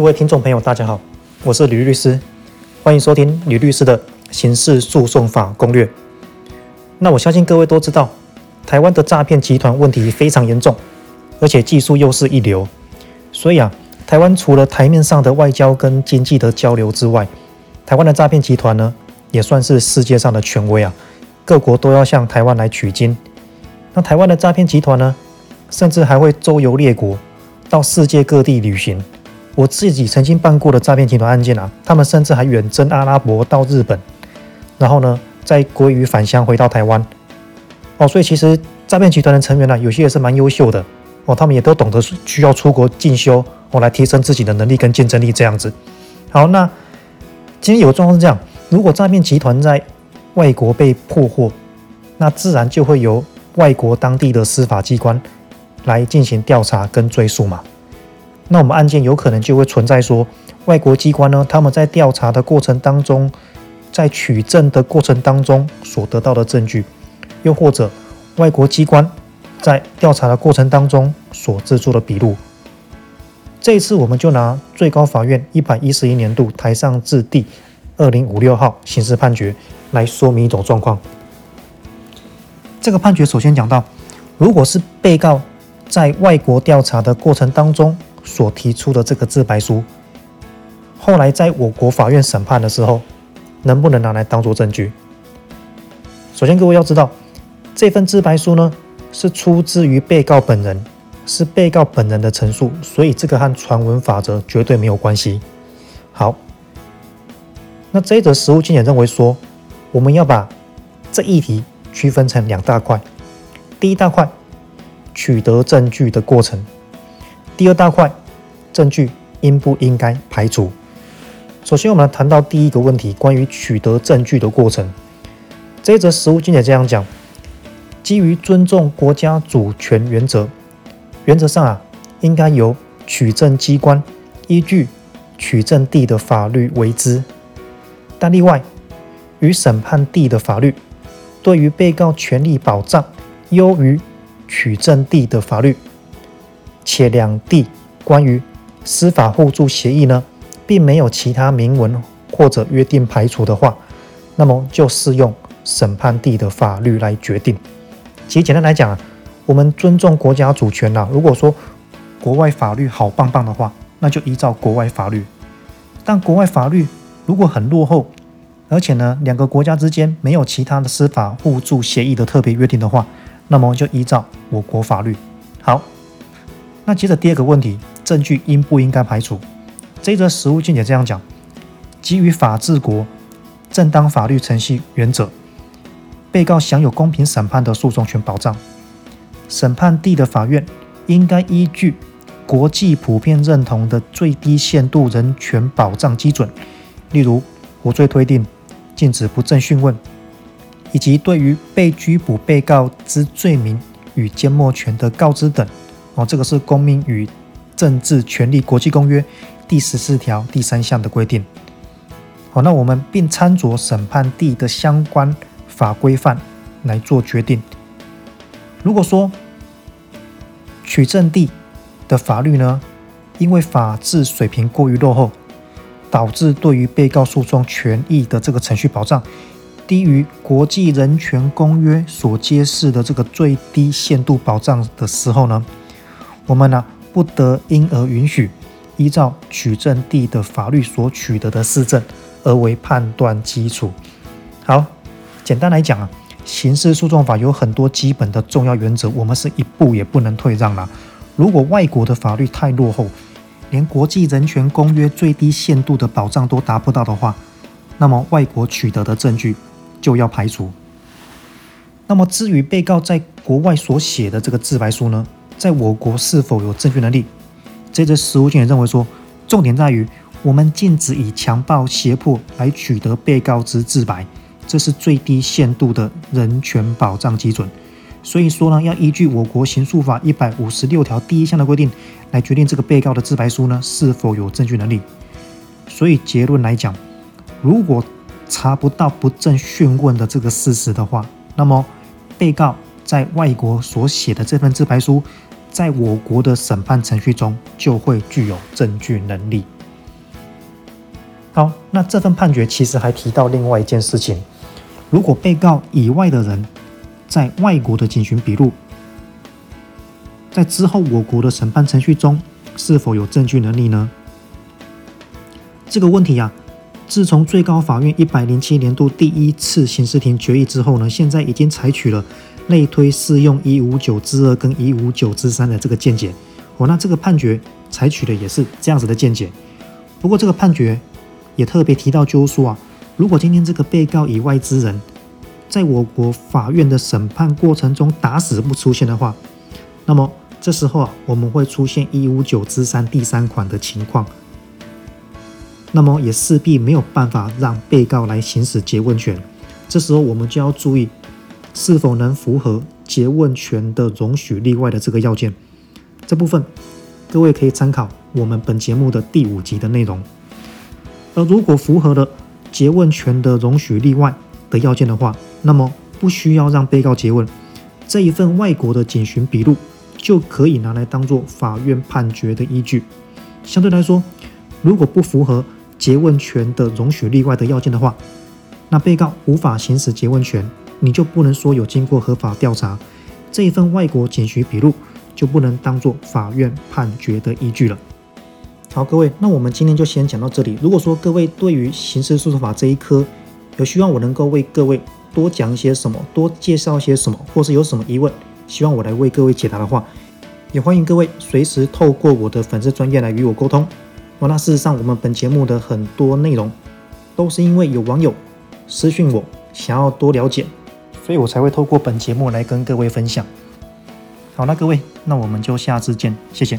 各位聽眾朋友，大家好，我是呂律師，歡迎收聽呂律師的《刑事訴訟法攻略》。那我相信各位都知道，台灣的詐騙集團問題非常嚴重，而且技術又是一流，所以啊，台灣除了台面上的外交跟經濟的交流之外，台灣的詐騙集團呢也算是世界上的權威啊，各國都要向台灣來取經。那台灣的詐騙集團呢，甚至還會周遊列國，到世界各地旅行。我自己曾經辦過的詐騙集團案件啊，他們甚至還遠征阿拉伯、到日本，然後呢再國語返鄉回到台灣。哦，所以其實詐騙集團的成員呢、啊，有些也是蠻優秀的哦，他們也都懂得需要出國進修哦，來提升自己的能力跟競爭力這樣子。好，那今天有個狀況是這樣：如果詐騙集團在外國被破獲，那自然就會由外國當地的司法機關來進行調查跟追訴嘛。那我們案件有可能就會存在說，外國機關呢，他們在調查的過程當中，在取證的過程當中所得到的證據，又或者外國機關在調查的過程當中所制作的筆錄。這一次，我們就拿最高法院一百一十一年度台上字第二零五六號刑事判決來說明一種狀況。這個判決首先講到，如果是被告在外國調查的過程當中，所提出的這個自白書，後來在我國法院審判的時候，能不能拿來當做證據？首先，各位要知道，這份自白書呢，是出自於被告本人，是被告本人的陳述，所以這個和傳聞法則絕對沒有關係。好，那這一則實務見解認為說，我們要把這議題區分成兩大塊，第一大塊，取得證據的過程。第二大塊，證據應不應該排除？首先，我們來談到第一個問題，關於取得證據的過程。這一則實務見解這樣講：基於尊重國家主權原則，原則上啊，應該由取證機關依據取證地的法律為之。但例外，與審判地的法律對於被告權利保障優於取證地的法律。且兩地關於司法互助協議呢，並沒有其他明文或者約定排除的話，那麼就適用審判地的法律來決定。其實簡單來講啊，我們尊重國家主權吶啊。如果說國外法律好棒棒的話，那就依照國外法律；但國外法律如果很落後，而且呢，兩個國家之間沒有其他的司法互助協議的特別約定的話，那麼就依照我國法律。好。那接着第二個問題，證據應不應該排除？這一則實務見解這樣講：基於法治國、正當法律程序原則，被告享有公平審判的訴訟權保障。審判地的法院應該依據國際普遍認同的最低限度人權保障基準，例如無罪推定、禁止不正訊問，以及對於被拘捕被告之罪名與緘默權的告知等。哦，這個是《公民與政治權利國際公約》第十四條第三項的規定。好，那我們並參酌審判地的相關法規範來做決定。如果說取證地的法律呢，因為法治水平過於落後，導致對於被告訴訟權益的這個程序保障低於國際人權公約所揭示的這個最低限度保障的時候呢，我們呢、啊、不得因而允許依照取證地的法律所取得的事證，而為判斷基礎。好，簡單來講啊，刑事訴訟法有很多基本的重要原則，我們是一步也不能退讓了。如果外國的法律太落後，連國際人權公約最低限度的保障都達不到的話，那麼外國取得的證據就要排除。那麼至於被告在國外所寫的這個自白書呢，在我國是否有證據能力？這則實務見解認為說，重點在於我們禁止以強暴脅迫來取得被告之自白，這是最低限度的人權保障基準。所以說呢，要依據我國刑訴法一百五十六條第一項的規定來決定這個被告的自白書呢是否有證據能力。所以結論來講，如果查不到不正訊問的這個事實的話，那麼被告在外國所寫的這份自白書，在我國的審判程序中，就會具有證據能力。好，那這份判決其實還提到另外一件事情：如果被告以外的人在外國的警詢筆錄，在之後我國的審判程序中是否有證據能力呢？這個問題呀、啊，自從最高法院一百零七年度第一次刑事庭決議之後呢，現在已經採取了。類推適用一五九之二跟一五九之三的這個見解哦，那這個判決採取的也是這樣子的見解。不過這個判決也特別提到就是說啊，如果今天這個被告以外之人，在我國法院的審判過程中打死不出現的話，那麼這時候啊，我們會出現一五九之三第三款的情況，那麼也勢必沒有辦法讓被告來行使詰問權。這時候我們就要注意，是否能符合詰問權的容許例外的這個要件？這部分各位可以參考我們本節目的第五集的內容。而如果符合了詰問權的容許例外的要件的話，那麼不需要讓被告詰問這一份外國的警詢筆錄，就可以拿來當作法院判決的依據。相對來說，如果不符合詰問權的容許例外的要件的話，那被告無法行使詰問權，你就不能說有經過合法調查，這一份外國檢舉筆錄就不能當做法院判決的依據了。好，各位，那我們今天就先講到這裡。如果說各位對於刑事訴訟法這一科有希望我能夠為各位多講一些什麼，多介紹一些什麼，或是有什麼疑問，希望我來為各位解答的話，也歡迎各位隨時透過我的粉絲專頁來與我溝通。那事實上，我們本節目的很多內容都是因為有網友私訊我，想要多了解。所以，我才會透過本節目來跟各位分享。好，那各位，那我們就下次見，謝謝。